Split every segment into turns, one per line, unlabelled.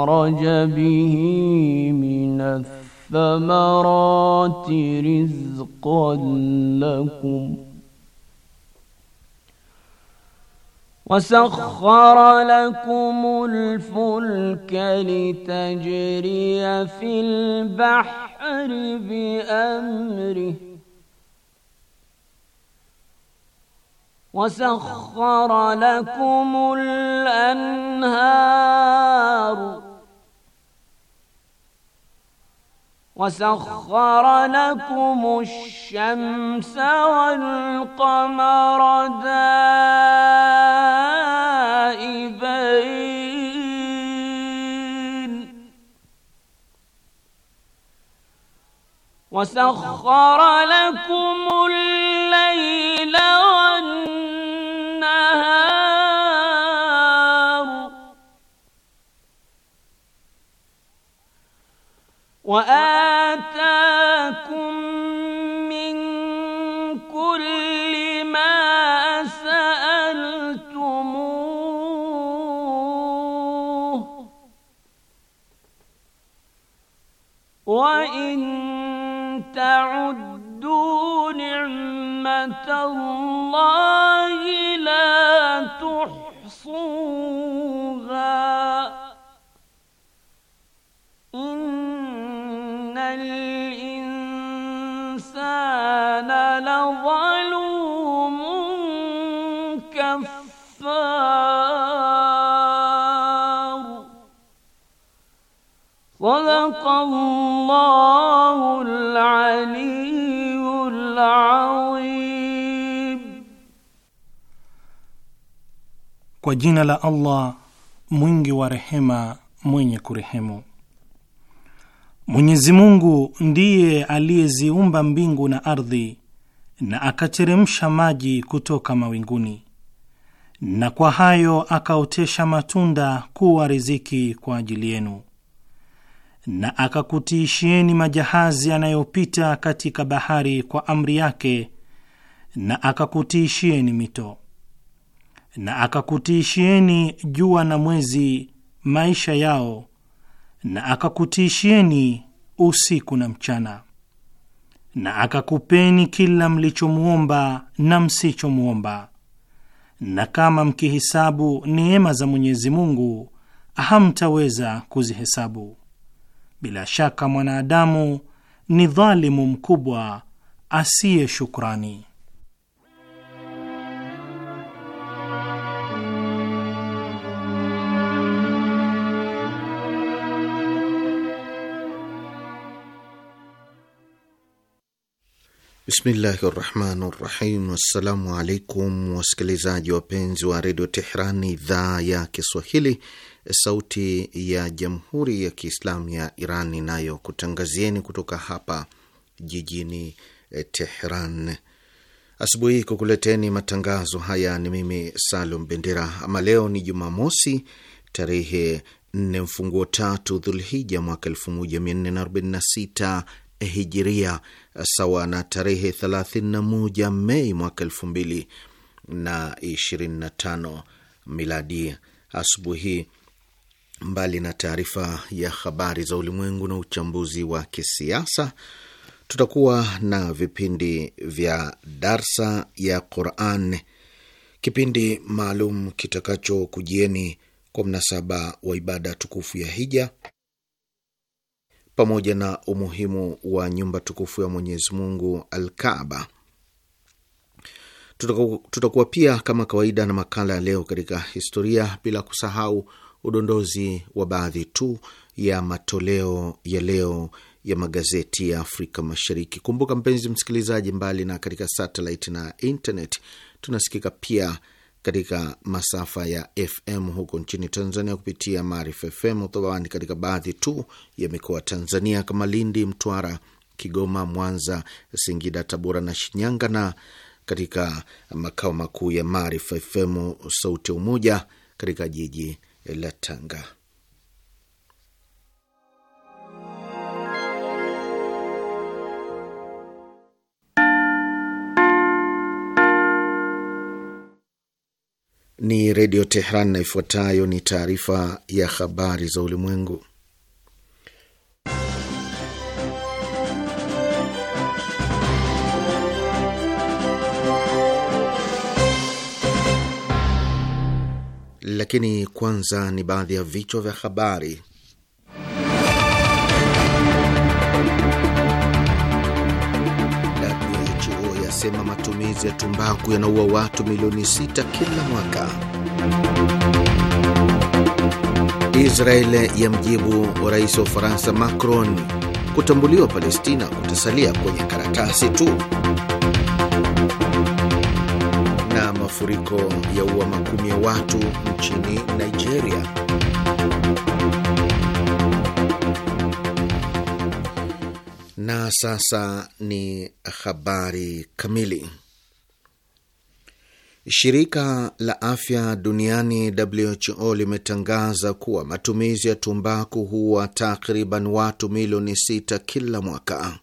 أخرج به من الثمرات رزقا لكم وسخر لكم الفلك لتجري في البحر بأمره وسخر لكم الأنهار وسخر لكم الشمس والقمر دائبين وسخر لكم الليل والنهار وآتاكم من كل ما سألتموه وإن تعدوا نعمة الله لا تحصوها
Kwa jina la Allah mwingi wa rehema mwenye kurehemu. Mwenyezi Mungu ndiye aliyeziumba mbingu na ardhi na akateremsha maji kutoka mawinguni na kwa hayo akaotesha matunda kuwa riziki kwa ajili yenu na akakutiishieni majahazi yanayopita katika bahari kwa amri yake, na akakutiishieni mito, na akakutiishieni jua na mwezi maisha yao, na akakutiishieni usiku na mchana, na akakupeni kila mlichomwomba na msichomwomba. Na kama mkihisabu neema za Mwenyezi Mungu hamtaweza kuzihesabu. Bila shaka mwanadamu ni dhalimu mkubwa asiye shukrani.
Bismillahi rahmani rahim. Assalamu alaikum wasikilizaji wapenzi wa redio Tehran, idhaa ya Kiswahili, sauti ya jamhuri ya Kiislamu ya Iran inayokutangazieni kutoka hapa jijini eh, Tehran asubuhi hii kukuleteni matangazo haya. Ni mimi Salum Bendera. Ama leo ni Jumamosi tarehe nne mfunguo tatu Dhulhija mwaka elfu moja mia nne na arobaini na sita hijiria sawa na tarehe 31 Mei mwaka 225 miladi. Asubuhi, mbali na taarifa ya habari za ulimwengu na uchambuzi wa kisiasa, tutakuwa na vipindi vya darsa ya Quran, kipindi maalum kitakachokujieni kwa mnasaba wa ibada tukufu ya hija pamoja na umuhimu wa nyumba tukufu ya Mwenyezi Mungu Alkaaba. Tutakuwa pia kama kawaida na makala ya leo katika historia, bila kusahau udondozi wa baadhi tu ya matoleo ya leo ya magazeti ya Afrika Mashariki. Kumbuka mpenzi msikilizaji, mbali na katika satellite na internet tunasikika pia katika masafa ya FM huko nchini Tanzania kupitia Maarifa FM, thabani katika baadhi tu ya mikoa Tanzania kama Lindi, Mtwara, Kigoma, Mwanza, Singida, Tabora na Shinyanga, na katika makao makuu ya Maarifa FM sauti ya Umoja katika jiji la Tanga. ni Redio Tehran na ifuatayo ni taarifa ya habari za ulimwengu. Lakini kwanza ni baadhi ya vichwa vya habari. WHO yasema matumizi ya tumbaku yanaua watu milioni sita kila mwaka. Israeli wa rais wa Ufaransa Macron, kutambuliwa Palestina kutasalia kwenye karatasi tu. Na mafuriko yaua makumi ya watu nchini Nigeria. Na sasa ni habari kamili. Shirika la Afya Duniani WHO limetangaza kuwa matumizi ya tumbaku huwa takriban watu milioni sita kila mwaka.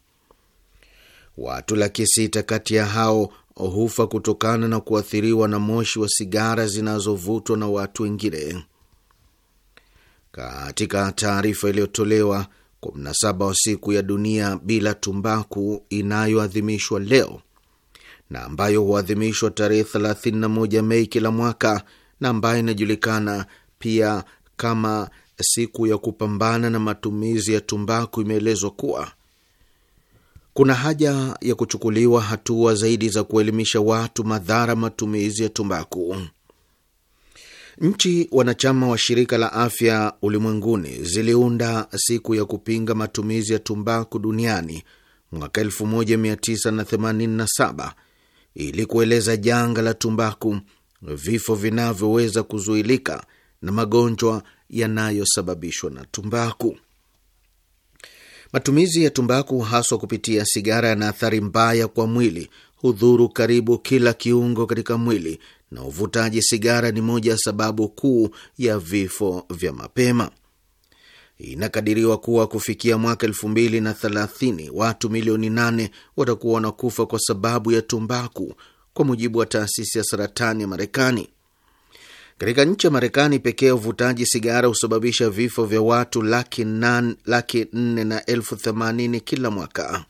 Watu laki sita kati ya hao hufa kutokana na kuathiriwa na moshi wa sigara zinazovutwa na watu wengine. Katika taarifa iliyotolewa kwa mnasaba wa siku ya dunia bila tumbaku inayoadhimishwa leo na ambayo huadhimishwa tarehe 31 Mei kila mwaka na ambayo inajulikana pia kama siku ya kupambana na matumizi ya tumbaku, imeelezwa kuwa kuna haja ya kuchukuliwa hatua zaidi za kuelimisha watu madhara matumizi ya tumbaku. Nchi wanachama wa Shirika la Afya Ulimwenguni ziliunda siku ya kupinga matumizi ya tumbaku duniani mwaka 1987 ili kueleza janga la tumbaku, vifo vinavyoweza kuzuilika na magonjwa yanayosababishwa na tumbaku. Matumizi ya tumbaku haswa kupitia sigara yana athari mbaya kwa mwili, hudhuru karibu kila kiungo katika mwili, na uvutaji sigara ni moja ya sababu kuu ya vifo vya mapema. Inakadiriwa kuwa kufikia mwaka elfu mbili na thelathini watu milioni nane watakuwa wanakufa kwa sababu ya tumbaku, kwa mujibu wa taasisi ya saratani ya Marekani. Katika nchi ya Marekani pekee uvutaji sigara husababisha vifo vya watu laki nne na elfu themanini kila mwaka.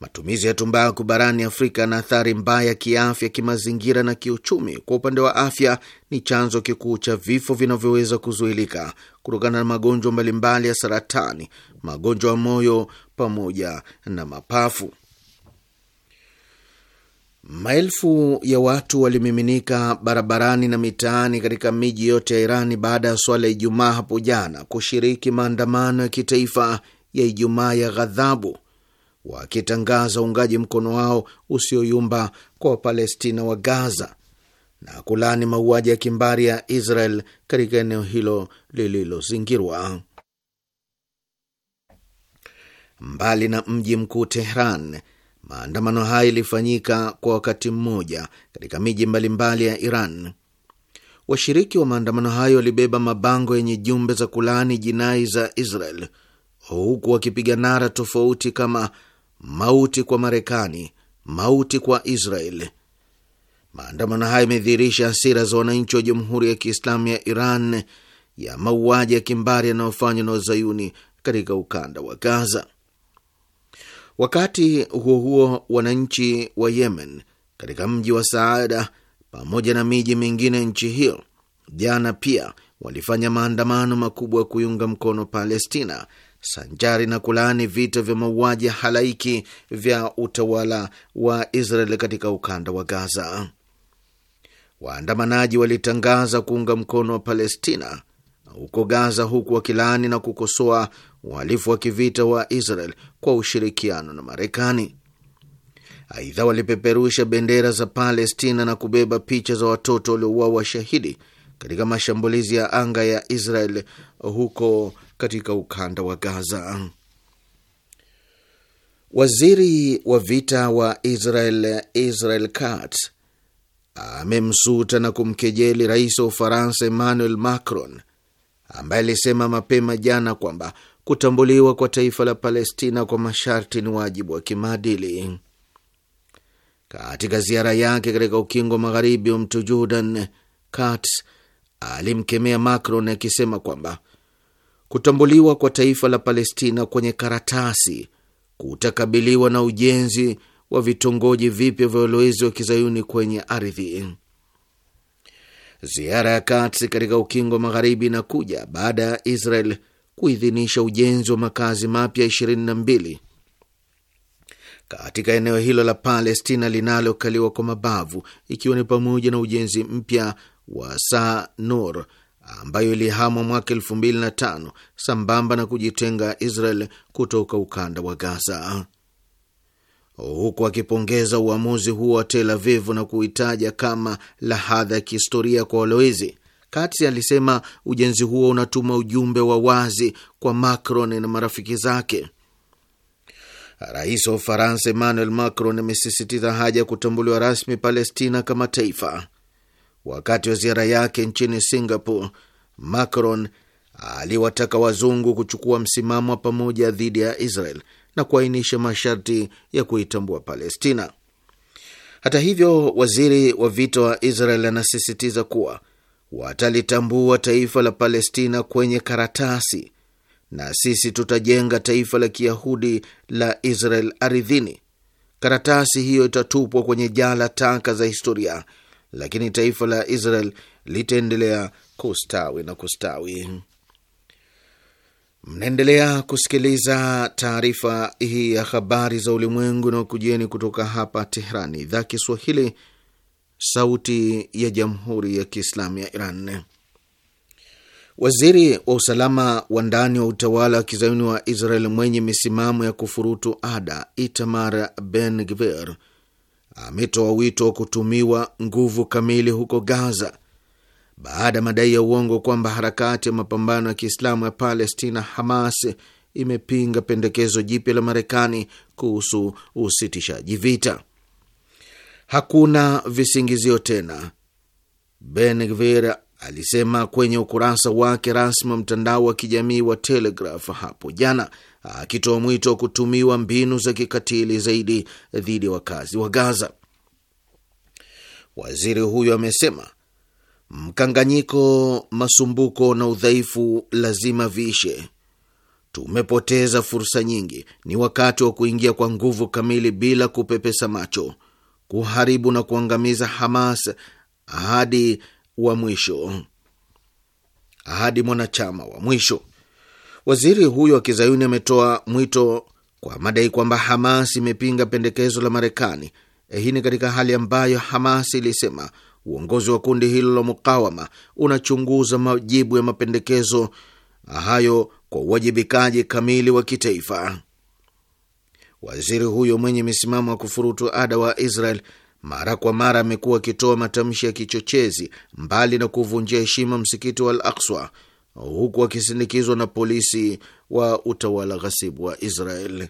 Matumizi ya tumbaku barani Afrika na athari mbaya kiafya, kimazingira na kiuchumi. Kwa upande wa afya, ni chanzo kikuu cha vifo vinavyoweza kuzuilika kutokana na magonjwa mbalimbali ya saratani, magonjwa ya moyo pamoja na mapafu. Maelfu ya watu walimiminika barabarani na mitaani katika miji yote ya Irani baada ya swala ya Ijumaa hapo jana kushiriki maandamano ya kitaifa ya Ijumaa ya ghadhabu wakitangaza uungaji mkono wao usioyumba kwa Wapalestina wa Gaza na kulani mauaji ya kimbari ya Israel katika eneo hilo lililozingirwa. Mbali na mji mkuu Tehran, maandamano haya ilifanyika kwa wakati mmoja katika miji mbalimbali ya Iran. Washiriki wa maandamano hayo walibeba mabango yenye jumbe za kulaani jinai za Israel huku wakipiga nara tofauti kama Mauti kwa Marekani, mauti kwa Israeli. Maandamano hayo yamedhihirisha hasira za wananchi wa Jamhuri ya Kiislamu ya Iran ya mauaji ya kimbari yanayofanywa na wazayuni katika ukanda wa Gaza. Wakati huo huo, wananchi wa Yemen katika mji wa Saada pamoja na miji mingine nchi hiyo jana pia walifanya maandamano makubwa ya kuiunga mkono Palestina sanjari na kulaani vita vya mauaji ya halaiki vya utawala wa Israel katika ukanda wa Gaza. Waandamanaji walitangaza kuunga mkono wa Palestina huko Gaza, huku wakilaani na kukosoa uhalifu wa kivita wa Israel kwa ushirikiano na Marekani. Aidha, walipeperusha bendera za Palestina na kubeba picha za watoto waliouawa shahidi katika mashambulizi ya anga ya Israel huko katika ukanda wa Gaza. Waziri wa vita wa Israel Israel Katz amemsuta na kumkejeli rais wa Ufaransa Emmanuel Macron ambaye alisema mapema jana kwamba kutambuliwa kwa taifa la Palestina kwa masharti ni wajibu wa kimaadili. Katika ziara yake katika ukingo wa magharibi wa mto Jordan, Katz alimkemea Macron akisema kwamba kutambuliwa kwa taifa la Palestina kwenye karatasi kutakabiliwa na ujenzi wa vitongoji vipya vya walowezi wa kizayuni kwenye ardhi. Ziara ya Katz katika ukingo wa magharibi inakuja baada ya Israel kuidhinisha ujenzi wa makazi mapya 22 katika eneo hilo la Palestina linalokaliwa kwa mabavu, ikiwa ni pamoja na ujenzi mpya wa Sa Nur ambayo ilihamwa mwaka elfu mbili na tano sambamba na kujitenga Israel kutoka ukanda wa Gaza, huku akipongeza uamuzi huo wa Tel Aviv na kuitaja kama lahadha ya kihistoria kwa walowezi. kati alisema ujenzi huo unatuma ujumbe wa wazi kwa Macron na marafiki zake. Rais wa Ufaransa Emmanuel Macron amesisitiza haja ya kutambuliwa rasmi Palestina kama taifa. Wakati wa ziara yake nchini Singapore, Macron aliwataka wazungu kuchukua msimamo wa pamoja dhidi ya Israel na kuainisha masharti ya kuitambua Palestina. Hata hivyo, waziri wa vita wa Israel anasisitiza kuwa watalitambua taifa la Palestina kwenye karatasi na sisi tutajenga taifa la Kiyahudi la Israel ardhini. Karatasi hiyo itatupwa kwenye jala taka za historia lakini taifa la Israel litaendelea kustawi na kustawi. Mnaendelea kusikiliza taarifa hii ya habari za ulimwengu na ukujieni kutoka hapa Tehrani, idhaa Kiswahili, sauti ya jamhuri ya kiislamu ya Iran. Waziri wa usalama wa ndani wa utawala wa kizayuni wa Israel mwenye misimamo ya kufurutu ada, Itamar Ben Gvir ametoa wito wa kutumiwa nguvu kamili huko Gaza baada ya madai ya uongo kwamba harakati ya mapambano ya Kiislamu ya Palestina Hamas imepinga pendekezo jipya la Marekani kuhusu usitishaji vita. Hakuna visingizio tena. Ben Gvir alisema kwenye ukurasa wake rasmi wa mtandao wa kijamii wa Telegraf hapo jana, akitoa mwito wa kutumiwa mbinu za kikatili zaidi dhidi ya wakazi wa Gaza. Waziri huyo amesema mkanganyiko, masumbuko na udhaifu lazima viishe. Tumepoteza fursa nyingi. Ni wakati wa kuingia kwa nguvu kamili bila kupepesa macho, kuharibu na kuangamiza Hamas hadi wa mwisho hadi mwanachama wa mwisho. Waziri huyo wa kizayuni ametoa mwito kwa madai kwamba Hamas imepinga pendekezo la Marekani. Eh, hii ni katika hali ambayo Hamas ilisema uongozi wa kundi hilo la mukawama unachunguza majibu ya mapendekezo hayo kwa uwajibikaji kamili wa kitaifa. Waziri huyo mwenye misimamo ya kufurutu ada wa Israel mara kwa mara amekuwa akitoa matamshi ya kichochezi, mbali na kuvunjia heshima msikiti wa Al Akswa, huku akisindikizwa na polisi wa utawala ghasibu wa Israel.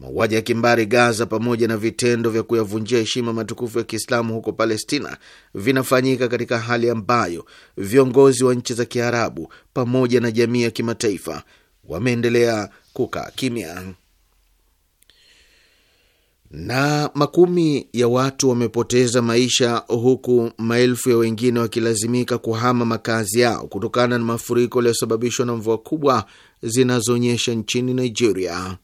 Mauaji ya kimbari Gaza pamoja na vitendo vya kuyavunjia heshima matukufu ya Kiislamu huko Palestina vinafanyika katika hali ambayo viongozi wa nchi za Kiarabu pamoja na jamii ya kimataifa wameendelea kukaa kimya na makumi ya watu wamepoteza maisha huku maelfu ya wengine wakilazimika kuhama makazi yao kutokana na mafuriko yaliyosababishwa na mvua kubwa zinazoonyesha nchini Nigeria.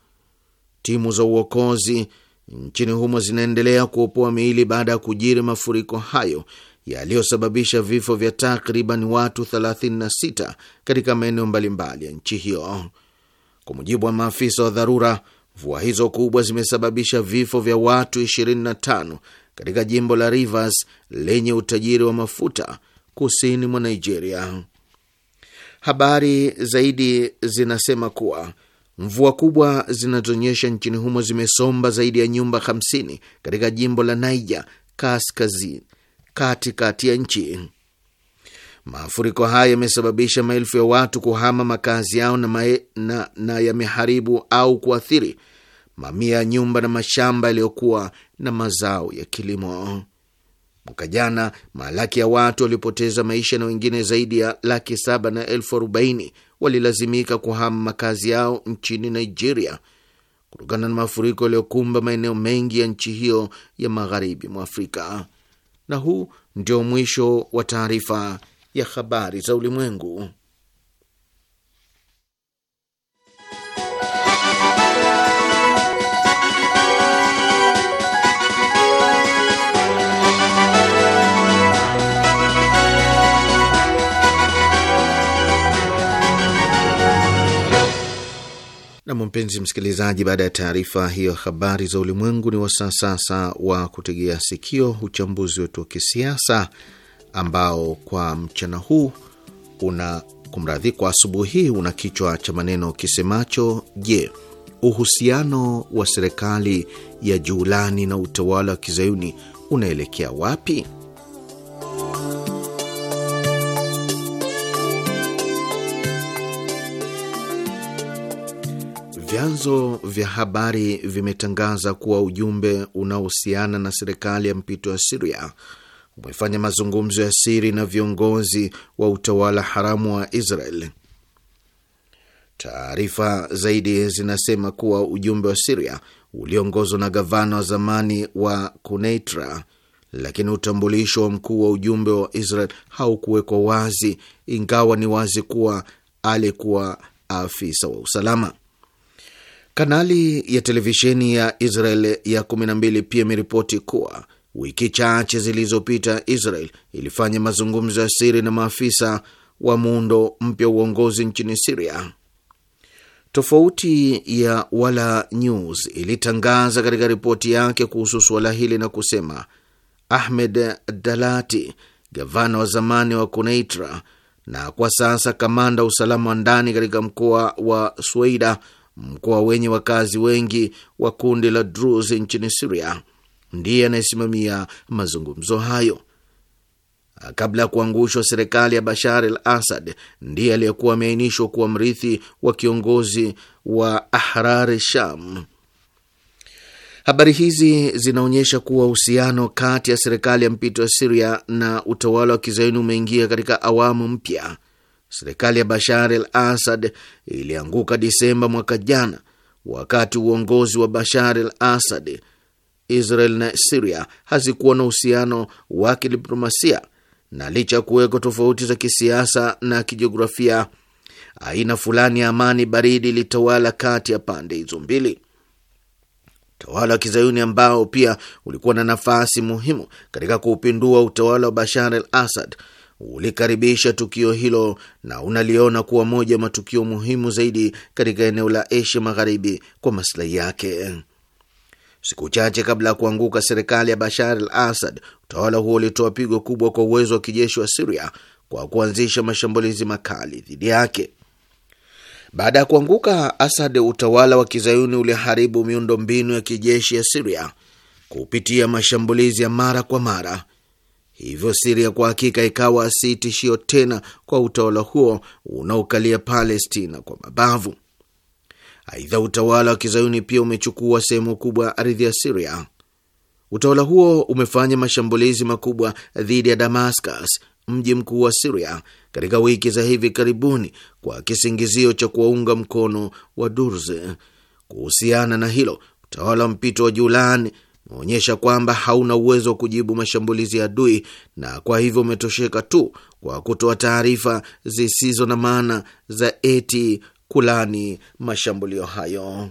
Timu za uokozi nchini humo zinaendelea kuopoa miili baada ya kujiri mafuriko hayo yaliyosababisha vifo vya takriban watu 36 katika maeneo mbalimbali ya nchi hiyo. Kwa mujibu wa maafisa wa dharura Mvua hizo kubwa zimesababisha vifo vya watu 25 katika jimbo la Rivers lenye utajiri wa mafuta kusini mwa Nigeria. Habari zaidi zinasema kuwa mvua kubwa zinazonyesha nchini humo zimesomba zaidi ya nyumba 50 katika jimbo la Niger kaskazini katikati ya nchi. Maafuriko haya yamesababisha maelfu ya watu kuhama makazi yao na, na, na yameharibu au kuathiri mamia ya nyumba na mashamba yaliyokuwa na mazao ya kilimo. Mwaka jana maalaki ya watu walipoteza maisha na wengine zaidi ya laki saba na elfu arobaini walilazimika kuhama makazi yao nchini Nigeria kutokana na mafuriko yaliyokumba maeneo mengi ya nchi hiyo ya magharibi mwa Afrika. Na huu ndio mwisho wa taarifa ya habari za ulimwengu. Nam, mpenzi msikilizaji, baada ya taarifa hiyo habari za ulimwengu, ni wasaa sasa wa kutegea sikio uchambuzi wetu wa kisiasa ambao kwa mchana huu una kumradhi, kwa asubuhi hii una kichwa cha maneno kisemacho: Je, uhusiano wa serikali ya Julani na utawala wa kizayuni unaelekea wapi? Vyanzo vya habari vimetangaza kuwa ujumbe unaohusiana na serikali ya mpito ya Siria umefanya mazungumzo ya siri na viongozi wa utawala haramu wa Israel. Taarifa zaidi zinasema kuwa ujumbe wa Siria uliongozwa na gavana wa zamani wa Kuneitra, lakini utambulisho wa mkuu wa ujumbe wa Israel haukuwekwa wazi, ingawa ni wazi kuwa alikuwa afisa wa usalama. Kanali ya televisheni ya Israel ya 12 pia imeripoti kuwa wiki chache zilizopita Israel ilifanya mazungumzo ya siri na maafisa wa muundo mpya uongozi nchini Siria. Tofauti ya wala News ilitangaza katika ripoti yake kuhusu suala hili na kusema Ahmed Dalati, gavana wa zamani wa Kuneitra na kwa sasa kamanda usalama wa ndani katika mkoa wa Sweida mkoa wenye wakazi wengi wa kundi la Druze nchini Siria, ndiye anayesimamia mazungumzo hayo. Kabla ya kuangushwa serikali ya Bashar al Asad, ndiye aliyekuwa ameainishwa kuwa mrithi wa kiongozi wa Ahrar Sham. Habari hizi zinaonyesha kuwa uhusiano kati ya serikali ya mpito ya Siria na utawala wa kizaini umeingia katika awamu mpya serikali ya Bashar al Asad ilianguka Disemba mwaka jana. Wakati uongozi wa Bashar al Asad, Israel na Siria hazikuwa na uhusiano wa kidiplomasia, na licha ya kuwekwa tofauti za kisiasa na kijiografia, aina fulani ya amani baridi ilitawala kati ya pande hizo mbili. Utawala wa kizayuni ambao pia ulikuwa na nafasi muhimu katika kuupindua utawala wa Bashar al Asad ulikaribisha tukio hilo na unaliona kuwa moja ya matukio muhimu zaidi katika eneo la Asia Magharibi kwa maslahi yake. Siku chache kabla ya kuanguka serikali ya Bashar al Assad, utawala huo ulitoa pigo kubwa kwa uwezo wa kijeshi wa Siria kwa kuanzisha mashambulizi makali dhidi yake. Baada ya kuanguka Asad, utawala wa kizayuni uliharibu miundo mbinu ya kijeshi ya Siria kupitia mashambulizi ya mara kwa mara Hivyo Siria kwa hakika ikawa si tishio tena kwa utawala huo unaokalia Palestina kwa mabavu. Aidha, utawala wa kizayuni pia umechukua sehemu kubwa ya ardhi ya Siria. Utawala huo umefanya mashambulizi makubwa dhidi ya Damascus, mji mkuu wa Siria, katika wiki za hivi karibuni kwa kisingizio cha kuwaunga mkono wa Durze. Kuhusiana na hilo, utawala wa mpito wa Julani umeonyesha kwamba hauna uwezo wa kujibu mashambulizi ya adui na kwa hivyo umetosheka tu kwa kutoa taarifa zisizo na maana za eti kulani mashambulio hayo.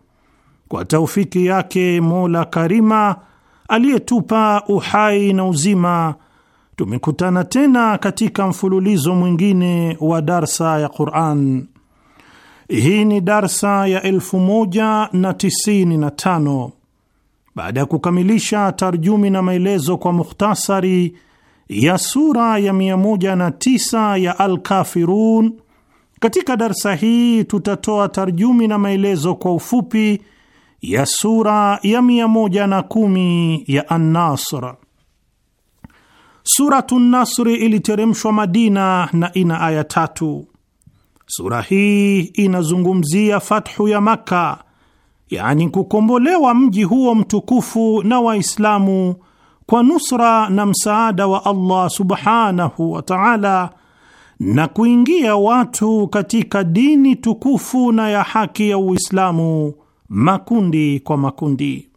kwa taufiki yake Mola Karima aliyetupa uhai na uzima, tumekutana tena katika mfululizo mwingine wa darsa ya Quran. Hii ni darsa ya 1095 baada ya kukamilisha tarjumi na maelezo kwa mukhtasari ya sura ya 109 ya Al-Kafirun. Katika darsa hii tutatoa tarjumi na maelezo kwa ufupi ya sura ya mia moja na kumi ya An-Nasr. Suratu Nasri iliteremshwa Madina na ina aya tatu. Sura hii inazungumzia fathu ya Makka, yaani kukombolewa mji huo mtukufu na Waislamu kwa nusra na msaada wa Allah subhanahu wa ta'ala, na kuingia watu katika dini tukufu na ya haki ya Uislamu makundi kwa makundi.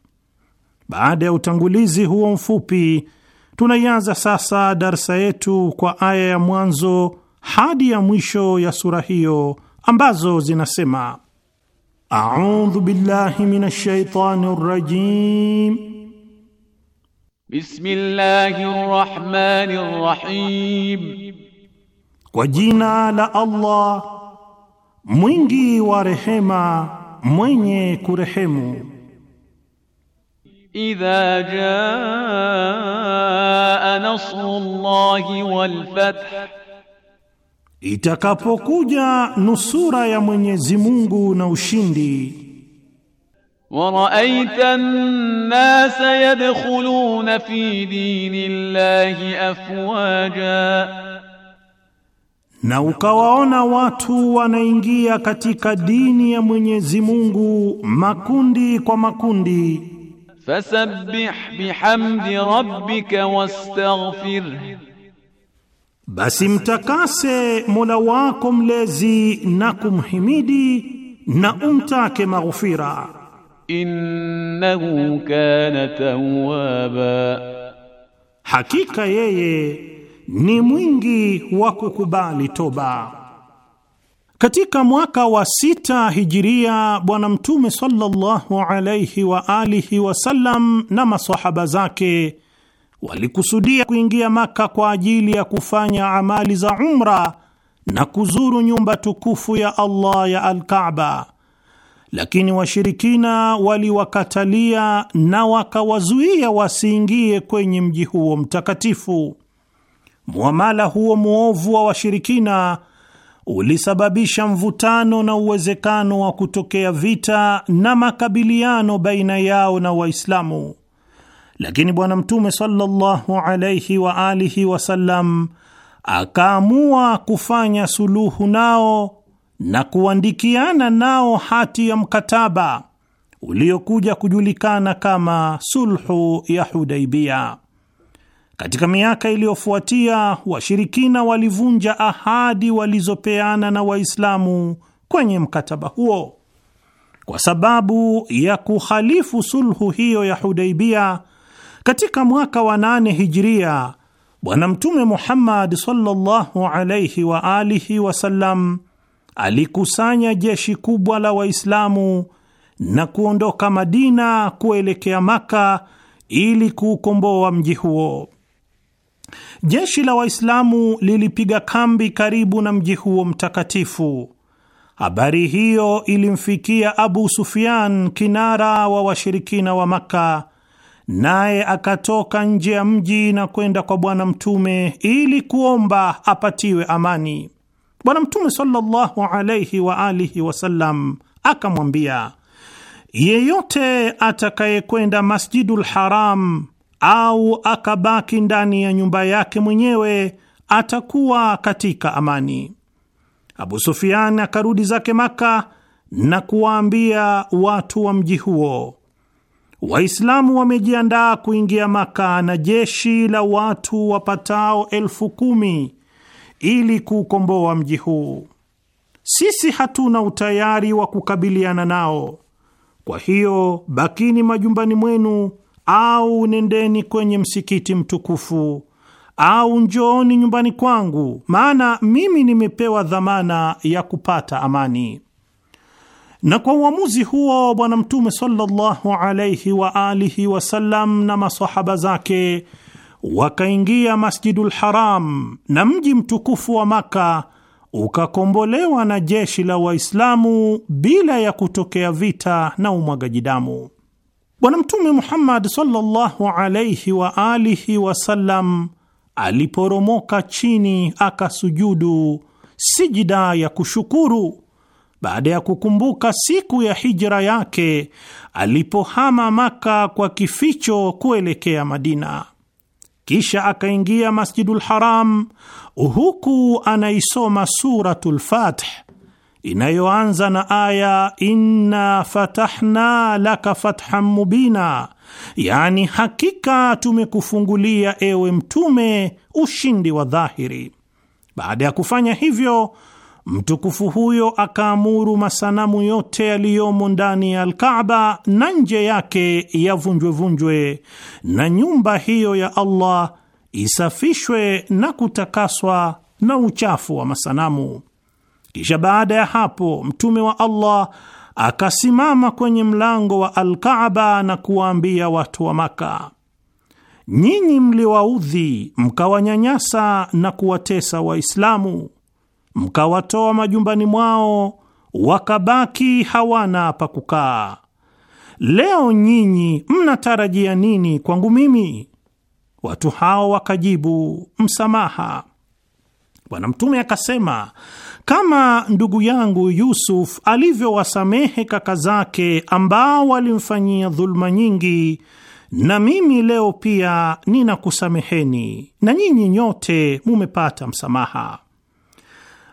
Baada ya utangulizi huo mfupi, tunaianza sasa darsa yetu kwa aya ya mwanzo hadi ya mwisho ya sura hiyo ambazo zinasema: audhu billahi minash rajim,
bismillahir rahmanir rahim,
kwa jina la Allah mwingi wa rehema mwenye kurehemu.
Idha jaa nasrullahi wal fath,
itakapokuja nusura ya Mwenyezi Mungu na ushindi.
Waraaita an-nasa yadkhuluna fi dinillahi afwaja
na ukawaona watu wanaingia katika dini ya Mwenyezi Mungu makundi kwa makundi.
Fasabbih bihamdi rabbika wastaghfir,
basi mtakase Mola wako mlezi na kumhimidi na umtake maghfira.
Innahu
kana tawwaba, hakika yeye ni mwingi wa kukubali toba. Katika mwaka wa sita hijiria, Bwana Mtume sallallahu alaihi wa alihi wasallam na masahaba zake walikusudia kuingia Maka kwa ajili ya kufanya amali za umra na kuzuru nyumba tukufu ya Allah ya Al-Kaaba, lakini washirikina waliwakatalia na wakawazuia wasiingie kwenye mji huo mtakatifu mwamala huo mwovu wa washirikina ulisababisha mvutano na uwezekano wa kutokea vita na makabiliano baina yao na Waislamu, lakini Bwana Mtume sallallahu alaihi wa alihi wasallam akaamua kufanya suluhu nao na kuandikiana nao hati ya mkataba uliokuja kujulikana kama sulhu ya Hudaibia. Katika miaka iliyofuatia washirikina walivunja ahadi walizopeana na Waislamu kwenye mkataba huo. Kwa sababu ya kuhalifu sulhu hiyo ya Hudaibia, katika mwaka wa nane Hijiria, Bwana Mtume Muhammad sallallahu alaihi wa alihi wasallam alikusanya jeshi kubwa la Waislamu na kuondoka Madina kuelekea Maka ili kuukomboa mji huo. Jeshi la Waislamu lilipiga kambi karibu na mji huo mtakatifu. Habari hiyo ilimfikia Abu Sufyan, kinara wa washirikina wa Makka, naye akatoka nje ya mji na kwenda kwa Bwana Mtume ili kuomba apatiwe amani. Bwana Mtume sallallahu wa alihi wasallam akamwambia, yeyote atakayekwenda Masjidul Haram au akabaki ndani ya nyumba yake mwenyewe atakuwa katika amani. Abu Sufyan akarudi zake Maka na kuwaambia watu wa mji huo, Waislamu wamejiandaa kuingia Maka na jeshi la watu wapatao elfu kumi ili kuukomboa mji huu. Sisi hatuna utayari wa kukabiliana nao, kwa hiyo bakini majumbani mwenu au nendeni kwenye msikiti mtukufu au njooni nyumbani kwangu, maana mimi nimepewa dhamana ya kupata amani. Na kwa uamuzi huo Bwana Mtume sallallahu alaihi wa alihi wasallam na masahaba zake wakaingia Masjidul Haram na mji mtukufu wa Maka ukakombolewa na jeshi la Waislamu bila ya kutokea vita na umwagaji damu. Bwana Mtume Muhammad sallallahu alayhi wa alihi wasallam aliporomoka chini akasujudu sijida ya kushukuru baada ya kukumbuka siku ya hijra yake alipohama Maka kwa kificho kuelekea Madina, kisha akaingia Masjidul Haram huku anaisoma Suratul Fath inayoanza na aya inna fatahna laka fathan mubina, yani hakika tumekufungulia ewe mtume ushindi wa dhahiri. Baada ya kufanya hivyo, mtukufu huyo akaamuru masanamu yote yaliyomo ndani ya Alkaaba na nje yake yavunjwevunjwe na nyumba hiyo ya Allah isafishwe na kutakaswa na uchafu wa masanamu. Kisha baada ya hapo mtume wa Allah akasimama kwenye mlango wa Alkaaba na kuwaambia watu wa Maka, nyinyi mliwaudhi mkawanyanyasa na kuwatesa Waislamu, mkawatoa majumbani mwao wakabaki hawana pa kukaa. Leo nyinyi mnatarajia nini kwangu mimi? Watu hao wakajibu, msamaha. Bwana Mtume akasema kama ndugu yangu Yusuf alivyowasamehe kaka zake ambao walimfanyia dhuluma nyingi, na mimi leo pia ninakusameheni na nyinyi nyote mumepata msamaha.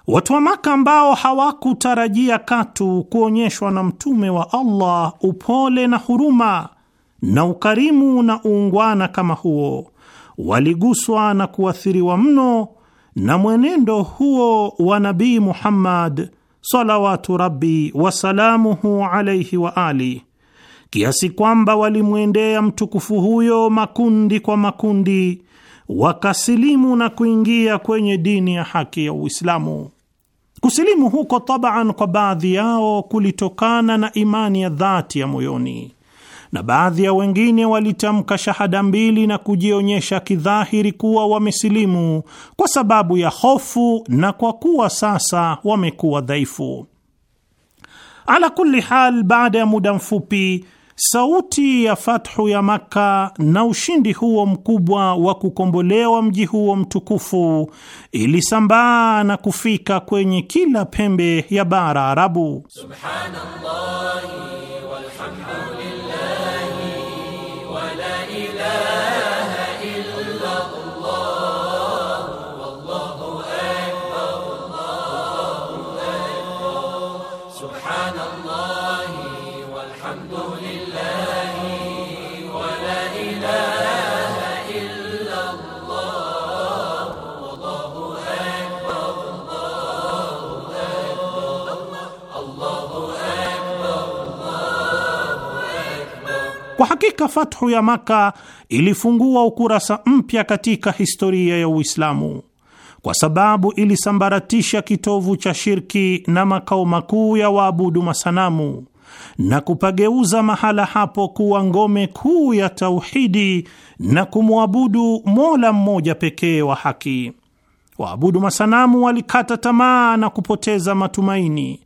Watu wa Maka ambao hawakutarajia katu kuonyeshwa na mtume wa Allah upole na huruma na ukarimu na uungwana kama huo, waliguswa na kuathiriwa mno na mwenendo huo wa Nabii Muhammad salawatu rabbi wasalamuhu alaihi wa ali, kiasi kwamba walimwendea mtukufu huyo makundi kwa makundi, wakasilimu na kuingia kwenye dini ya haki ya Uislamu. Kusilimu huko tabaan, kwa baadhi yao kulitokana na imani ya dhati ya moyoni na baadhi ya wengine walitamka shahada mbili na kujionyesha kidhahiri kuwa wamesilimu kwa sababu ya hofu na kwa kuwa sasa wamekuwa dhaifu. Ala kulli hal, baada ya muda mfupi sauti ya fathu ya Makka na ushindi huo mkubwa wa kukombolewa mji huo mtukufu ilisambaa na kufika kwenye kila pembe ya bara Arabu. Subhanallah. Hakika fathu ya Maka ilifungua ukurasa mpya katika historia ya Uislamu kwa sababu ilisambaratisha kitovu cha shirki na makao makuu ya waabudu masanamu na kupageuza mahala hapo kuwa ngome kuu ya tauhidi na kumwabudu Mola mmoja pekee wa haki. Waabudu masanamu walikata tamaa na kupoteza matumaini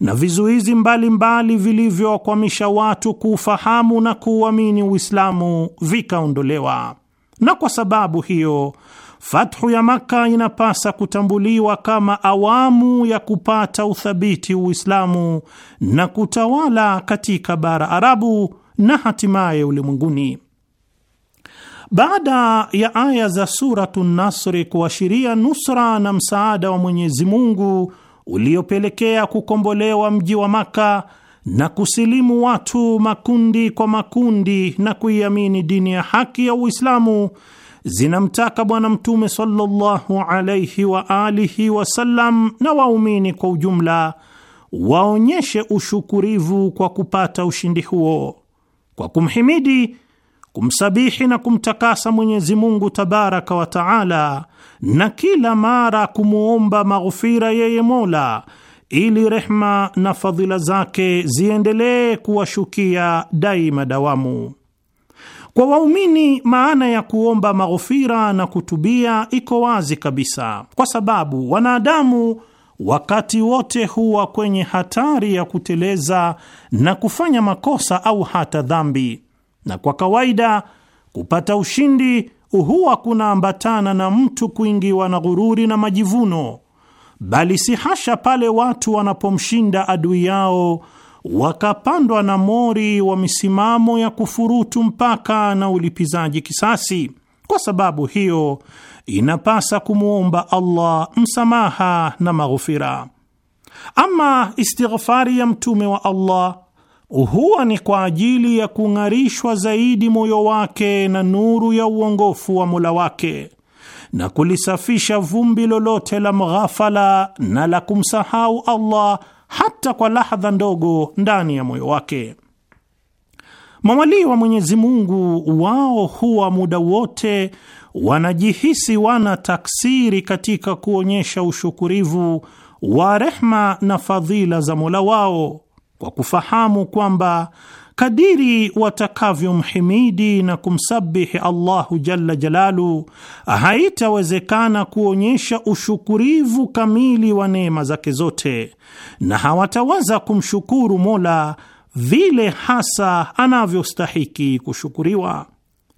na vizuizi mbalimbali vilivyowakwamisha watu kuufahamu na kuuamini Uislamu vikaondolewa. Na kwa sababu hiyo fathu ya makka inapasa kutambuliwa kama awamu ya kupata uthabiti Uislamu na kutawala katika bara Arabu na hatimaye ulimwenguni. Baada ya aya za Suratu Nasri kuashiria nusra na msaada wa Mwenyezi Mungu uliopelekea kukombolewa mji wa Maka na kusilimu watu makundi kwa makundi na kuiamini dini ya haki ya Uislamu zinamtaka Bwana Mtume sallallahu alaihi wa alihi wasallam na waumini kwa ujumla waonyeshe ushukurivu kwa kupata ushindi huo kwa kumhimidi kumsabihi na kumtakasa Mwenyezi Mungu tabaraka wa taala, na kila mara kumwomba maghfira yeye Mola ili rehma na fadhila zake ziendelee kuwashukia daima dawamu. Kwa waumini, maana ya kuomba maghfira na kutubia iko wazi kabisa, kwa sababu wanadamu wakati wote huwa kwenye hatari ya kuteleza na kufanya makosa au hata dhambi na kwa kawaida kupata ushindi huwa kunaambatana na mtu kuingiwa na ghururi na majivuno, bali si hasha pale watu wanapomshinda adui yao wakapandwa na mori wa misimamo ya kufurutu mpaka na ulipizaji kisasi. Kwa sababu hiyo, inapasa kumwomba Allah msamaha na maghufira. Ama istighfari ya mtume wa Allah huwa ni kwa ajili ya kung'arishwa zaidi moyo wake na nuru ya uongofu wa Mola wake na kulisafisha vumbi lolote la mghafala na la kumsahau Allah hata kwa lahadha ndogo ndani ya moyo wake. Mawalii wa Mwenyezi Mungu wao huwa muda wote wanajihisi wana taksiri katika kuonyesha ushukurivu wa rehma na fadhila za Mola wao kwa kufahamu kwamba kadiri watakavyomhimidi na kumsabihi Allahu jalla jalalu, haitawezekana kuonyesha ushukurivu kamili wa neema zake zote, na hawataweza kumshukuru Mola vile hasa anavyostahiki kushukuriwa.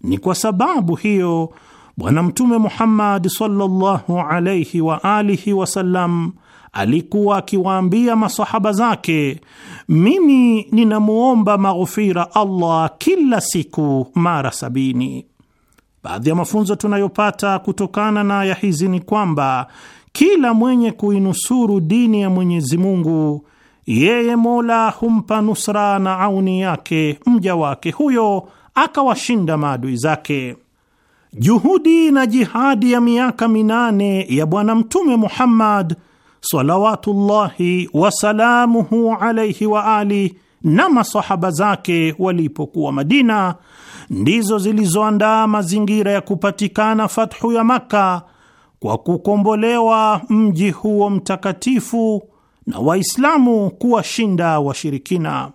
Ni kwa sababu hiyo Bwana Mtume Muhammad sallallahu alaihi wa alihi wasallam alikuwa akiwaambia masahaba zake, mimi ninamwomba maghufira Allah kila siku mara sabini. Baadhi ya mafunzo tunayopata kutokana na aya hizi ni kwamba kila mwenye kuinusuru dini ya Mwenyezi Mungu, yeye Mola humpa nusra na auni yake mja wake huyo, akawashinda maadui zake. Juhudi na jihadi ya miaka minane ya Bwana Mtume Muhammad salawatullahi wasalamuhu alaihi wa ali na masahaba zake walipokuwa Madina ndizo zilizoandaa mazingira ya kupatikana fathu ya Makka kwa kukombolewa mji huo mtakatifu na Waislamu kuwashinda washirikina.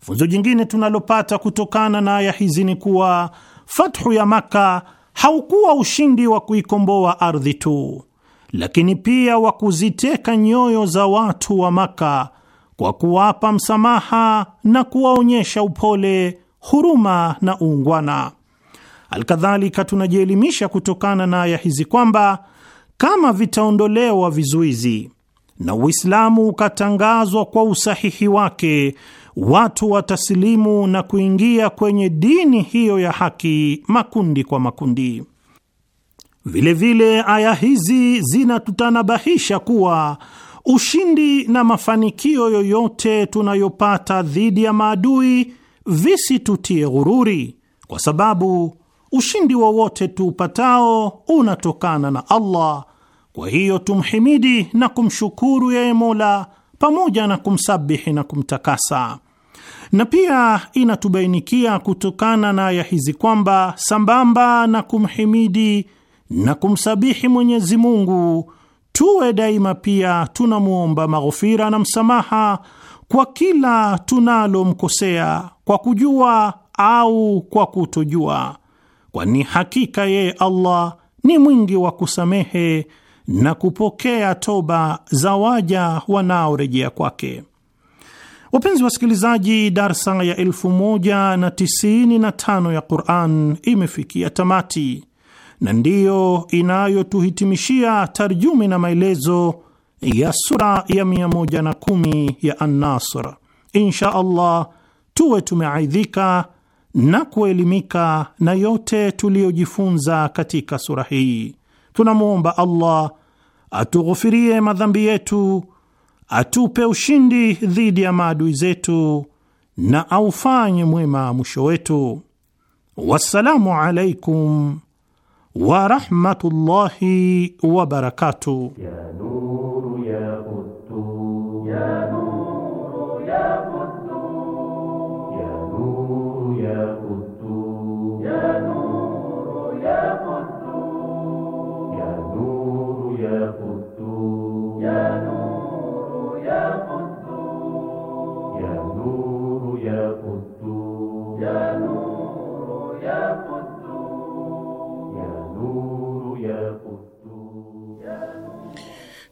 Funzo jingine tunalopata kutokana na aya hizi ni kuwa fathu ya Makka haukuwa ushindi wa kuikomboa ardhi tu lakini pia wa kuziteka nyoyo za watu wa Maka kwa kuwapa msamaha na kuwaonyesha upole, huruma na uungwana. Alkadhalika, tunajielimisha kutokana na aya hizi kwamba kama vitaondolewa vizuizi na Uislamu ukatangazwa kwa usahihi wake, watu watasilimu na kuingia kwenye dini hiyo ya haki makundi kwa makundi. Vilevile aya hizi zinatutanabahisha kuwa ushindi na mafanikio yoyote tunayopata dhidi ya maadui visitutie ghururi, kwa sababu ushindi wowote tuupatao unatokana na Allah. Kwa hiyo tumhimidi na kumshukuru yeye Mola pamoja na kumsabihi na kumtakasa. Na pia inatubainikia kutokana na aya hizi kwamba sambamba na kumhimidi na kumsabihi Mwenyezi Mungu, tuwe daima pia tunamwomba maghufira na msamaha kwa kila tunalomkosea kwa kujua au kwa kutojua, kwani hakika yeye Allah ni mwingi wa kusamehe na kupokea toba za waja wanaorejea kwake. Wapenzi wasikilizaji, darsa ya elfu ya Quran imefikia tamati na ndiyo inayotuhitimishia tarjumi na maelezo ya sura ya 110 ya An-Nasr. Insha Allah tuwe tumeaidhika na kuelimika na yote tuliyojifunza katika sura hii. Tunamwomba Allah atughufirie madhambi yetu, atupe ushindi dhidi ya maadui zetu na aufanye mwema mwisho wetu. Wassalamu alaikum ورحمة الله وبركاته
يا نور يا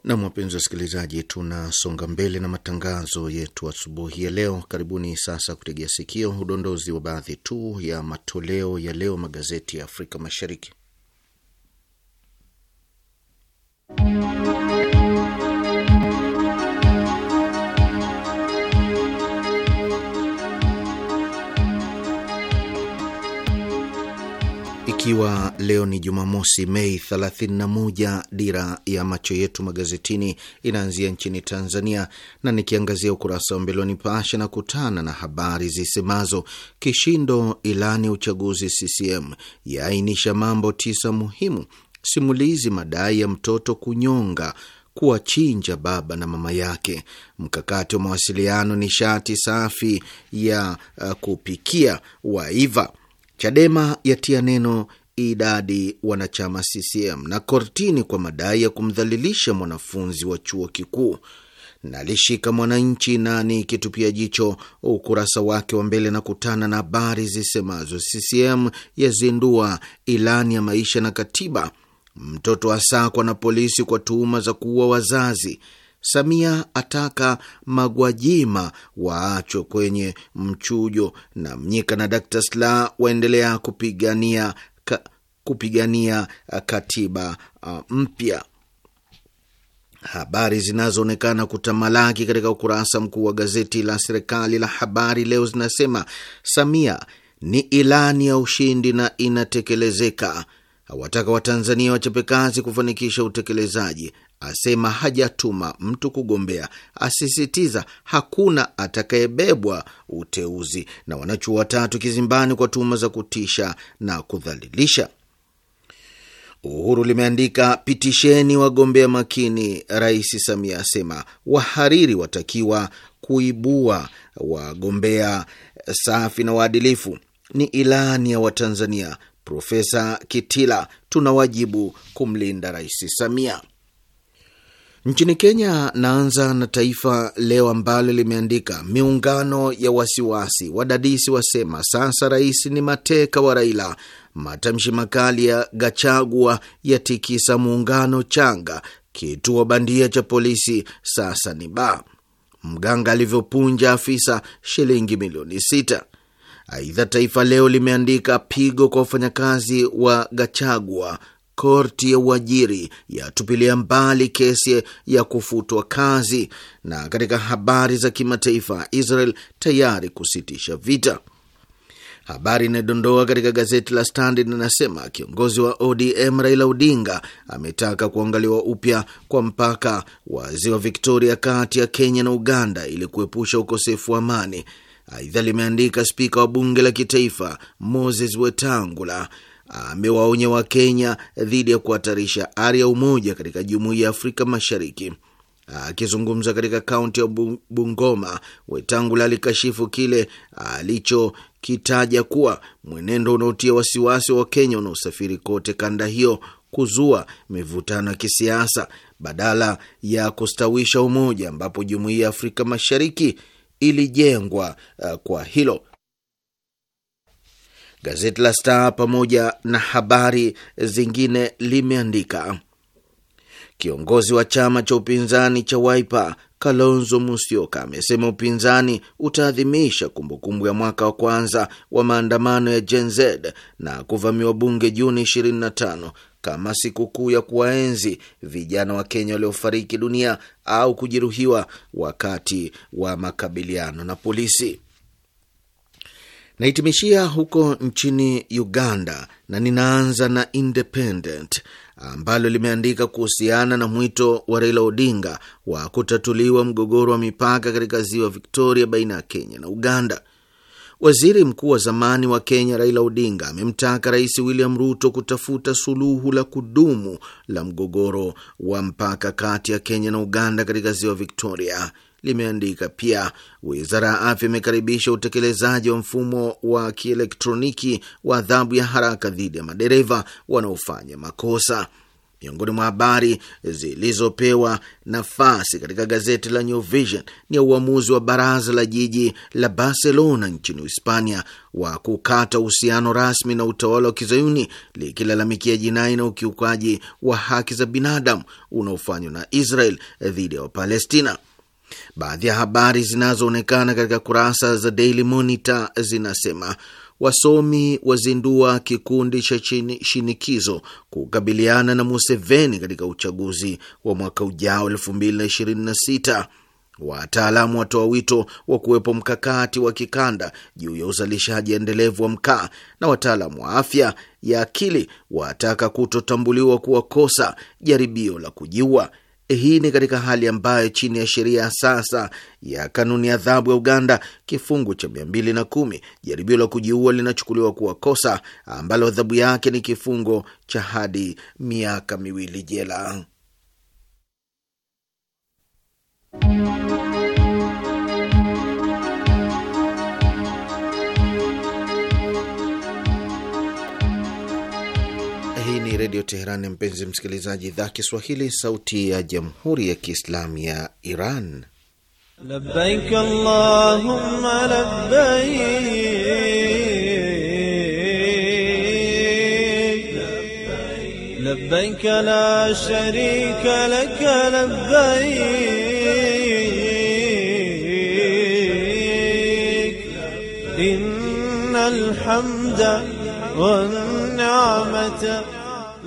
Nam, wapenzi wa wasikilizaji, tunasonga mbele na matangazo yetu asubuhi ya leo. Karibuni sasa kutegea sikio udondozi wa baadhi tu ya matoleo ya leo magazeti ya Afrika Mashariki. Ikiwa leo ni Jumamosi, Mei 31, dira ya macho yetu magazetini inaanzia nchini Tanzania, na nikiangazia ukurasa wa mbele wa Nipashe na kutana na habari zisemazo: kishindo ilani ya uchaguzi CCM yaainisha mambo tisa muhimu, simulizi madai ya mtoto kunyonga kuwachinja baba na mama yake, mkakati wa mawasiliano nishati safi ya uh, kupikia waiva Chadema yatia neno idadi wanachama CCM na kortini kwa madai ya kumdhalilisha mwanafunzi wa chuo kikuu. Nalishika Mwananchi na ni kitupia jicho ukurasa wake wa mbele na kutana na habari zisemazo CCM yazindua ilani ya maisha na katiba, mtoto asakwa na polisi kwa tuhuma za kuua wazazi, Samia ataka magwajima waachwe kwenye mchujo, na Mnyika na Dkt sla waendelea kupigania, ka, kupigania uh, katiba uh, mpya. Habari zinazoonekana kutamalaki katika ukurasa mkuu wa gazeti la serikali la Habari Leo zinasema Samia ni ilani ya ushindi na inatekelezeka. Hawataka Watanzania wachapekazi kufanikisha utekelezaji asema hajatuma mtu kugombea, asisitiza hakuna atakayebebwa uteuzi na wanachuo watatu kizimbani kwa tuhuma za kutisha na kudhalilisha. Uhuru limeandika pitisheni wagombea makini, Rais Samia asema wahariri watakiwa kuibua wagombea safi na waadilifu, ni ilani ya Watanzania. Profesa Kitila, tuna wajibu kumlinda Rais Samia. Nchini Kenya, naanza na Taifa Leo ambalo limeandika miungano ya wasiwasi, wadadisi wasema sasa rais ni mateka wa Raila. Matamshi makali ya Gachagua yatikisa muungano changa. Kituo bandia cha polisi sasa ni ba Mganga alivyopunja afisa shilingi milioni sita. Aidha, Taifa Leo limeandika pigo kwa wafanyakazi wa Gachagua korti ya uajiri yatupilia mbali kesi ya kufutwa kazi. Na katika habari za kimataifa, Israel tayari kusitisha vita. Habari inayodondoa katika gazeti la Standard inasema kiongozi wa ODM Raila Odinga ametaka kuangaliwa upya kwa mpaka wa ziwa Victoria kati ya Kenya na Uganda ili kuepusha ukosefu wa amani. Aidha limeandika spika wa bunge la kitaifa Moses Wetangula amewaonya Wakenya dhidi ya kuhatarisha ari ya umoja katika jumuiya ya Afrika Mashariki. Akizungumza katika kaunti ya Bungoma, Wetangula alikashifu kile alichokitaja kuwa mwenendo unaotia wasiwasi wa Wakenya unaosafiri kote kanda hiyo kuzua mivutano ya kisiasa badala ya kustawisha umoja, ambapo jumuiya ya Afrika Mashariki ilijengwa eh, kwa hilo. Gazeti la Star pamoja na habari zingine limeandika kiongozi wa chama cha upinzani cha Wiper Kalonzo Musyoka amesema upinzani utaadhimisha kumbukumbu ya mwaka wa kwanza wa maandamano ya Gen Z na kuvamiwa bunge Juni 25 kama sikukuu ya kuwaenzi vijana wa Kenya waliofariki dunia au kujeruhiwa wakati wa makabiliano na polisi naitimishia huko nchini Uganda na ninaanza na Independent ambalo limeandika kuhusiana na mwito wa Raila Odinga wa kutatuliwa mgogoro wa mipaka katika ziwa Victoria baina ya Kenya na Uganda. Waziri mkuu wa zamani wa Kenya Raila Odinga amemtaka Rais William Ruto kutafuta suluhu la kudumu la mgogoro wa mpaka kati ya Kenya na Uganda katika ziwa Victoria limeandika pia, wizara ya afya imekaribisha utekelezaji wa mfumo wa kielektroniki wa adhabu ya haraka dhidi ya madereva wanaofanya makosa. Miongoni mwa habari zilizopewa nafasi katika gazeti la New Vision ni ya uamuzi wa baraza la jiji la Barcelona nchini Hispania wa kukata uhusiano rasmi na utawala wa kizayuni likilalamikia jinai na ukiukaji wa haki za binadamu unaofanywa na Israel dhidi ya Wapalestina. Baadhi ya habari zinazoonekana katika kurasa za Daily Monitor zinasema wasomi wazindua kikundi cha shinikizo kukabiliana na Museveni katika uchaguzi wa mwaka ujao 2026. Wataalamu watoa wito wa kuwepo mkakati wa kikanda juu ya uzalishaji endelevu wa mkaa, na wataalamu wa afya ya akili wataka kutotambuliwa kuwa kosa jaribio la kujiua. Hii ni katika hali ambayo chini ya sheria sasa ya kanuni adhabu ya Uganda, kifungu cha mia mbili na kumi, jaribio la kujiua linachukuliwa kuwa kosa ambalo adhabu yake ni kifungo cha hadi miaka miwili jela. Redio Teheran. Mpenzi msikilizaji, idhaa Kiswahili, sauti ya jamhuri ya kiislamu ya Iran.
labbaik allahumma labbaik labbaik la sharika laka labbaik innal hamda wan ni'mata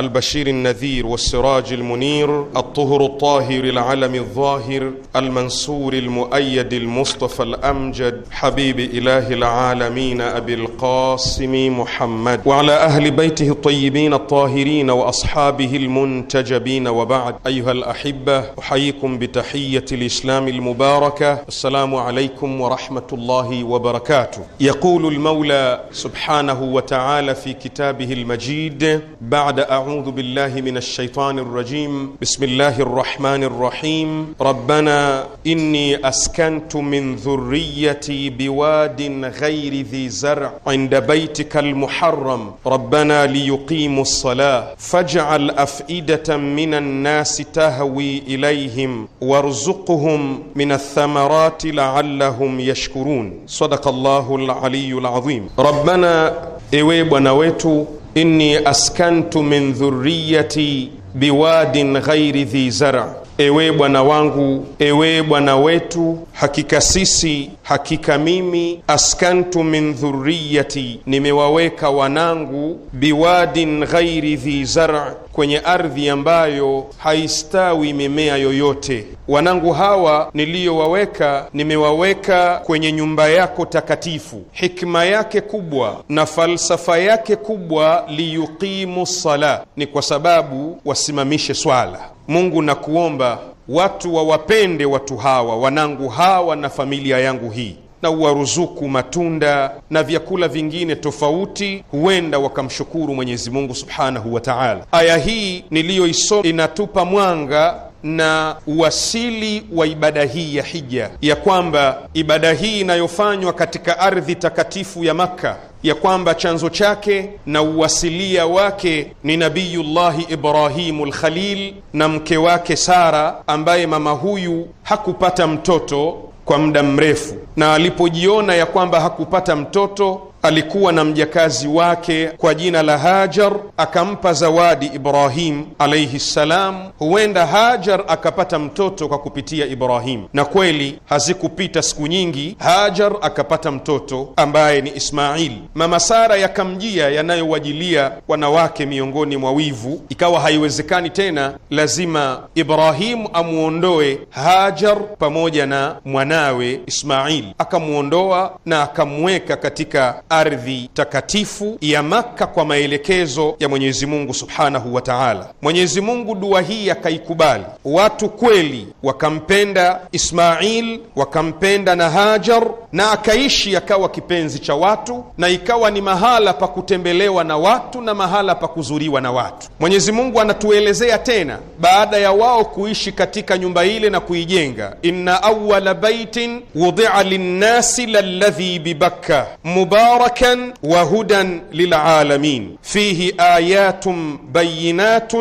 البشير النذير والسراج المنير الطهر الطاهر العلم الظاهر المنصور المؤيد المصطفى الأمجد حبيب إله العالمين أبي القاسم محمد وعلى أهل بيته الطيبين الطاهرين وأصحابه المنتجبين وبعد أيها الأحبة أحييكم بتحية الإسلام المباركة السلام عليكم ورحمة الله وبركاته يقول المولى سبحانه وتعالى في كتابه المجيد بعد أعوذ أعوذ بالله من الشيطان الرجيم بسم الله الرحمن الرحيم ربنا إني أسكنت من ذريتي بواد غير ذي زرع عند بيتك المحرم ربنا ليقيموا الصلاة فاجعل أفئدة من الناس تهوي إليهم وارزقهم من الثمرات لعلهم يشكرون صدق الله العلي العظيم ربنا ewe bwana wetu إني أسكنت من ذريتي بواد غير ذي زرع Ewe Bwana wangu, ewe Bwana wetu, hakika sisi, hakika mimi, askantu min dhurriyati, nimewaweka wanangu, biwadin ghairi dhi zar, kwenye ardhi ambayo haistawi mimea yoyote. Wanangu hawa niliyowaweka, nimewaweka kwenye nyumba yako takatifu. Hikma yake kubwa na falsafa yake kubwa, liyuqimu sala, ni kwa sababu wasimamishe swala Mungu nakuomba watu wawapende watu hawa wanangu hawa na familia yangu hii na uwaruzuku matunda na vyakula vingine tofauti, huenda wakamshukuru Mwenyezi Mungu subhanahu wa taala. Aya hii niliyoisoma inatupa mwanga na uwasili wa ibada hii ya hija, ya kwamba ibada hii inayofanywa katika ardhi takatifu ya Makka, ya kwamba chanzo chake na uwasilia wake ni Nabiyullahi Ibrahimu Lkhalil na mke wake Sara, ambaye mama huyu hakupata mtoto kwa muda mrefu, na alipojiona ya kwamba hakupata mtoto alikuwa na mjakazi wake kwa jina la Hajar, akampa zawadi Ibrahim alaihi ssalam. Huenda Hajar akapata mtoto kwa kupitia Ibrahim, na kweli hazikupita siku nyingi, Hajar akapata mtoto ambaye ni Ismail. Mama Sara yakamjia yanayowajilia wanawake miongoni mwa wivu, ikawa haiwezekani tena, lazima Ibrahimu amwondoe Hajar pamoja na mwanawe Ismail. Akamwondoa na akamweka katika ardhi takatifu ya Makka kwa maelekezo ya Mwenyezi Mungu subhanahu wa taala. Mwenyezi Mungu dua hii akaikubali, watu kweli wakampenda Ismail, wakampenda na Hajar, na akaishi akawa kipenzi cha watu, na ikawa ni mahala pa kutembelewa na watu na mahala pa kuzuriwa na watu. Mwenyezi Mungu anatuelezea tena baada ya wao kuishi katika nyumba ile na kuijenga, inna awala baitin wudia linnasi lalladhi bibakka mubarak مباركا وهدى للعالمين فيه ايات بينات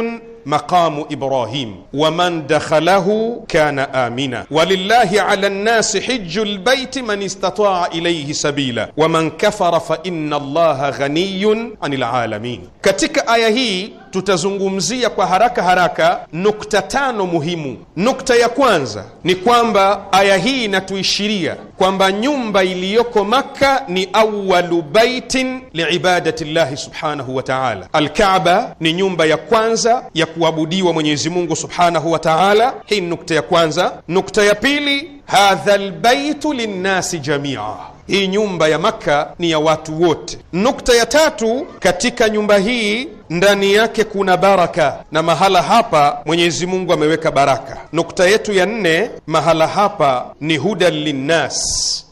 مقام ابراهيم ومن دخله كان امنا ولله على الناس حج البيت من استطاع اليه سبيلا ومن كفر فان الله غني عن العالمين كتك ايه هي tutazungumzia kwa haraka haraka nukta tano muhimu. Nukta ya kwanza ni kwamba aya hii inatuishiria kwamba nyumba iliyoko Makka ni awalu baitin liibadati llahi subhanahu wa taala. Alkaba ni nyumba ya kwanza ya kuabudiwa Mwenyezi Mungu subhanahu wa taala. Hii ni nukta ya kwanza. Nukta ya pili, hadha lbaitu linnasi jamia hii nyumba ya Makka ni ya watu wote. Nukta ya tatu, katika nyumba hii ndani yake kuna baraka, na mahala hapa Mwenyezi Mungu ameweka baraka. Nukta yetu ya nne, mahala hapa ni hudan linnas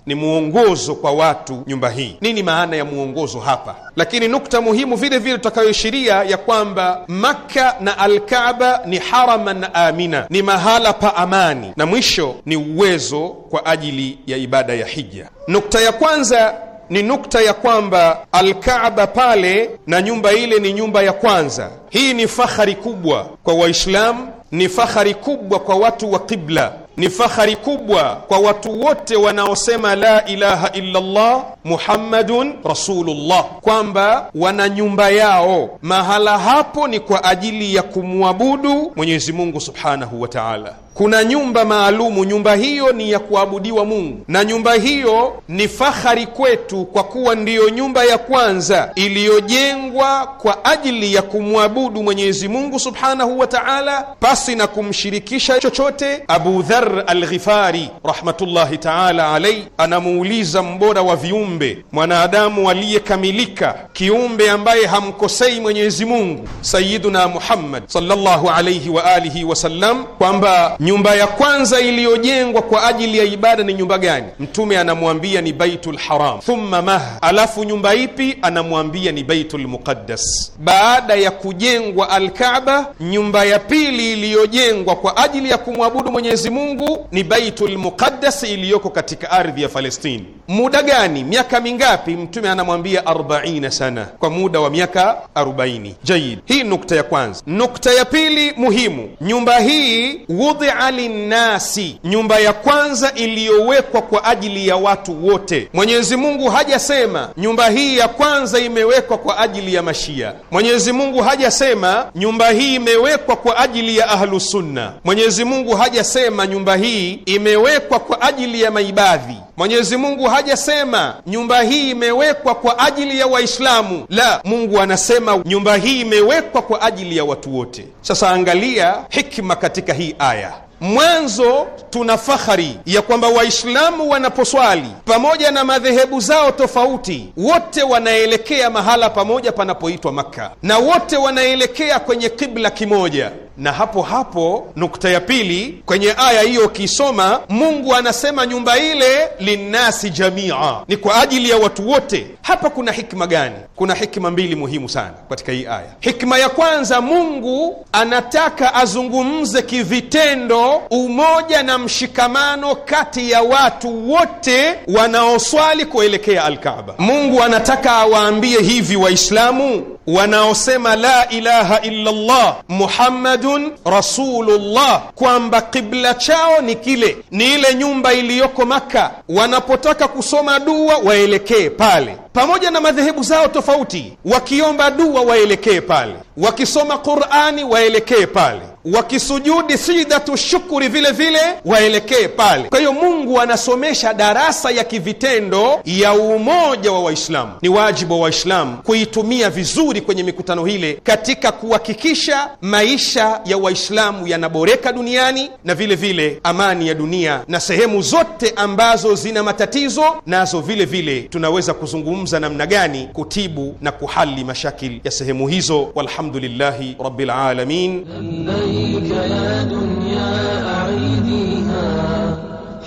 ni mwongozo kwa watu. Nyumba hii nini maana ya mwongozo hapa? Lakini nukta muhimu vile vile tutakayoishiria ya kwamba Makka na Alkaaba ni haraman amina, ni mahala pa amani, na mwisho ni uwezo kwa ajili ya ibada ya hija. Nukta ya kwanza ni nukta ya kwamba Alkaaba pale na nyumba ile ni nyumba ya kwanza. Hii ni fahari kubwa kwa Waislamu, ni fahari kubwa kwa watu wa qibla, ni fahari kubwa kwa watu wote wanaosema la ilaha illallah muhammadun rasulullah, kwamba wana nyumba yao mahala hapo, ni kwa ajili ya kumwabudu Mwenyezi Mungu subhanahu wa taala kuna nyumba maalumu. Nyumba hiyo ni ya kuabudiwa Mungu, na nyumba hiyo ni fahari kwetu, kwa kuwa ndiyo nyumba ya kwanza iliyojengwa kwa ajili ya kumwabudu Mwenyezi Mungu subhanahu wa taala, pasi na kumshirikisha chochote. Abu Dhar Alghifari rahmatullahi taala alaihi anamuuliza mbora wa viumbe, mwanadamu aliyekamilika, kiumbe ambaye hamkosei Mwenyezi Mungu, Sayiduna Muhammad sallallahu alaihi wa alihi wasallam, kwamba nyumba ya kwanza iliyojengwa kwa ajili ya ibada ni nyumba gani? Mtume anamwambia ni Baitul Haram. Thumma maha, alafu nyumba ipi? Anamwambia ni Baitul Muqaddas. Baada ya kujengwa alkaba nyumba ya pili iliyojengwa kwa ajili ya kumwabudu Mwenyezi Mungu ni Baitul Muqaddas iliyoko katika ardhi ya Falestini. Muda gani? Miaka mingapi? Mtume anamwambia 40 sana, kwa muda wa miaka 40. Jaid, hii nukta ya kwanza. Nukta ya pili muhimu, nyumba hii wudhi ali nnasi, nyumba ya kwanza iliyowekwa kwa ajili ya watu wote. Mwenyezi Mungu hajasema nyumba hii ya kwanza imewekwa kwa ajili ya Mashia. Mwenyezi Mungu hajasema nyumba hii imewekwa kwa ajili ya Ahlusunna. Mwenyezi Mungu hajasema nyumba hii imewekwa kwa ajili ya maibadhi. Mwenyezi Mungu hajasema nyumba hii imewekwa kwa ajili ya Waislamu. La, Mungu anasema nyumba hii imewekwa kwa ajili ya watu wote. Sasa angalia hikma katika hii aya. Mwanzo tuna fahari ya kwamba Waislamu wanaposwali pamoja na madhehebu zao tofauti, wote wanaelekea mahala pamoja panapoitwa Makka, na wote wanaelekea kwenye kibla kimoja na hapo hapo nukta ya pili kwenye aya hiyo, ukisoma Mungu anasema nyumba ile linnasi jamia, ni kwa ajili ya watu wote. Hapa kuna hikma gani? Kuna hikma mbili muhimu sana katika hii aya. Hikma ya kwanza, Mungu anataka azungumze kivitendo umoja na mshikamano kati ya watu wote wanaoswali kuelekea Alkaaba. Mungu anataka awaambie hivi Waislamu wanaosema la ilaha illallah Muhammad Muhammadun Rasulullah, kwamba kibla chao ni kile, ni ile nyumba iliyoko Maka. Wanapotaka kusoma dua waelekee pale pamoja na madhehebu zao tofauti, wakiomba dua waelekee pale, wakisoma Qurani waelekee pale, wakisujudi sijdatu shukuri vile vile waelekee pale. Kwa hiyo Mungu anasomesha darasa ya kivitendo ya umoja wa Waislamu. Ni wajibu wa Waislamu kuitumia vizuri kwenye mikutano hile katika kuhakikisha maisha ya Waislamu yanaboreka duniani na vile vile amani ya dunia, na sehemu zote ambazo zina matatizo nazo vile vile tunaweza kuzungumza kuzungumza namna gani kutibu na kuhali mashakil ya sehemu hizo. Walhamdulillahi rabbil alamin.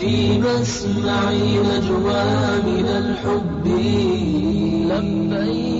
في مسمعي نجوى من الحب لبيك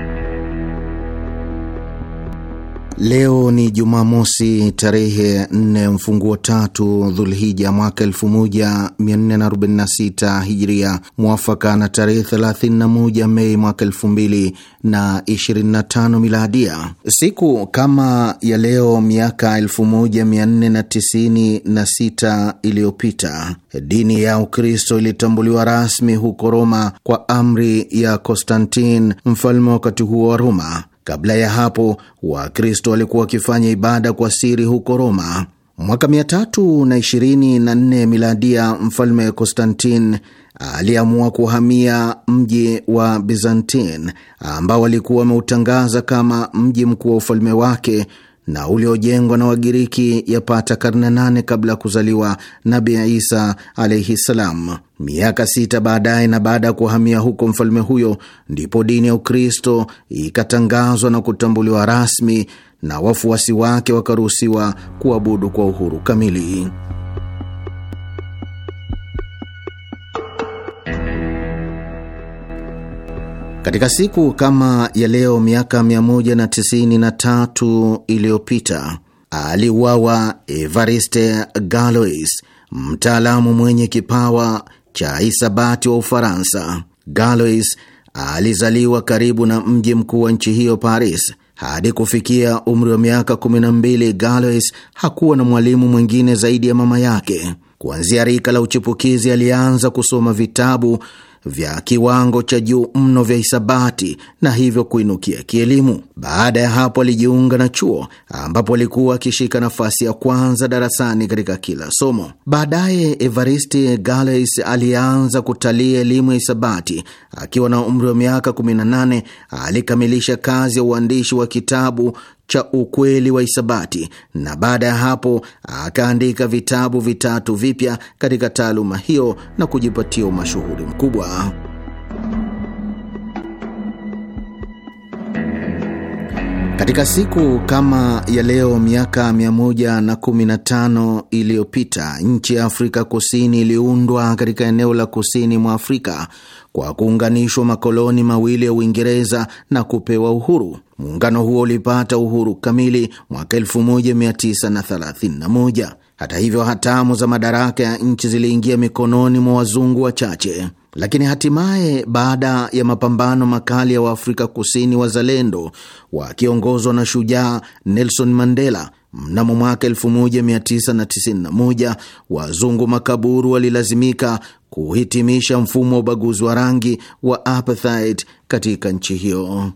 Leo ni Jumamosi tarehe 4 mfunguo tatu Dhulhija mwaka 1446 Hijria, mwafaka na tarehe 31 Mei mwaka 2025 Miladia. Siku kama ya leo miaka 1496 iliyopita dini ya Ukristo ilitambuliwa rasmi huko Roma kwa amri ya Konstantin, mfalme wakati huo wa Roma. Kabla ya hapo, Wakristo walikuwa wakifanya ibada kwa siri huko Roma. Mwaka 324 miladia, mfalme Konstantin aliamua kuhamia mji wa Bizantin ambao alikuwa ameutangaza kama mji mkuu wa ufalme wake na uliojengwa na Wagiriki yapata karne nane kabla ya kuzaliwa Nabi Isa alaihi ssalam. Miaka sita baadaye na baada ya kuhamia huko mfalme huyo, ndipo dini ya Ukristo ikatangazwa na kutambuliwa rasmi na wafuasi wake wakaruhusiwa kuabudu kwa uhuru kamili. Katika siku kama ya leo miaka 193 iliyopita aliuawa Evariste Galois, mtaalamu mwenye kipawa cha hisabati wa Ufaransa. Galois alizaliwa karibu na mji mkuu wa nchi hiyo Paris. Hadi kufikia umri wa miaka 12, Galois hakuwa na mwalimu mwingine zaidi ya mama yake. Kuanzia rika la uchipukizi, alianza kusoma vitabu vya kiwango cha juu mno vya hisabati na hivyo kuinukia kielimu. Baada ya hapo, alijiunga na chuo ambapo alikuwa akishika nafasi ya kwanza darasani katika kila somo. Baadaye Evaristi Gales alianza kutalia elimu ya hisabati. Akiwa na umri wa miaka 18 alikamilisha kazi ya uandishi wa kitabu cha ukweli wa hisabati, na baada ya hapo akaandika vitabu vitatu vipya katika taaluma hiyo na kujipatia umashuhuri mkubwa. Katika siku kama ya leo miaka 115 iliyopita nchi ya Afrika Kusini iliundwa katika eneo la kusini mwa Afrika kwa kuunganishwa makoloni mawili ya Uingereza na kupewa uhuru. Muungano huo ulipata uhuru kamili mwaka 1931. Hata hivyo, hatamu za madaraka ya nchi ziliingia mikononi mwa wazungu wachache, lakini hatimaye baada ya mapambano makali ya Waafrika Kusini wazalendo wakiongozwa na shujaa Nelson Mandela Mnamo mwaka 1991 wazungu makaburu walilazimika kuhitimisha mfumo wa ubaguzi wa rangi wa apartheid katika nchi hiyo.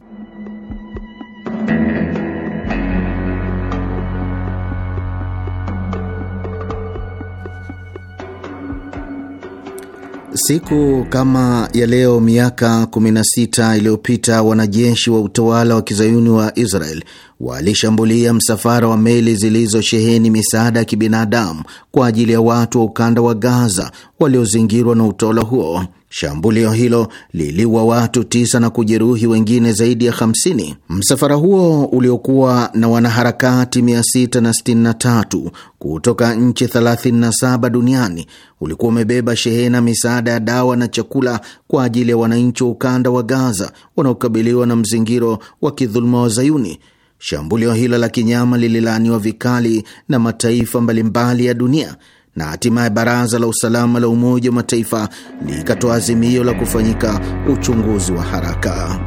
Siku kama ya leo miaka 16 iliyopita wanajeshi wa utawala wa kizayuni wa Israel walishambulia msafara wa meli zilizosheheni misaada ya kibinadamu kwa ajili ya watu wa ukanda wa Gaza waliozingirwa na utawala huo. Shambulio hilo liliwa watu tisa na kujeruhi wengine zaidi ya 50. Msafara huo uliokuwa na wanaharakati 663 kutoka nchi 37 duniani ulikuwa umebeba shehena misaada ya dawa na chakula kwa ajili ya wananchi wa ukanda wa Gaza wanaokabiliwa na mzingiro wa kidhuluma wa Zayuni. Shambulio hilo la kinyama lililaaniwa vikali na mataifa mbalimbali ya dunia na hatimaye Baraza la Usalama la Umoja wa Mataifa likatoa azimio la kufanyika uchunguzi wa haraka.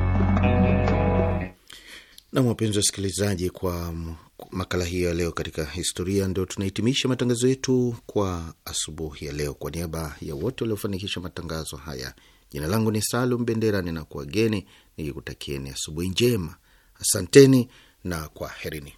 Na wapenzi wasikilizaji, kwa makala hiyo ya leo katika historia, ndio tunahitimisha matangazo yetu kwa asubuhi ya leo. Kwa niaba ya wote waliofanikisha matangazo haya, jina langu ni Salum Bendera, ninakuwageni nikikutakieni asubuhi njema. Asanteni na kwaherini.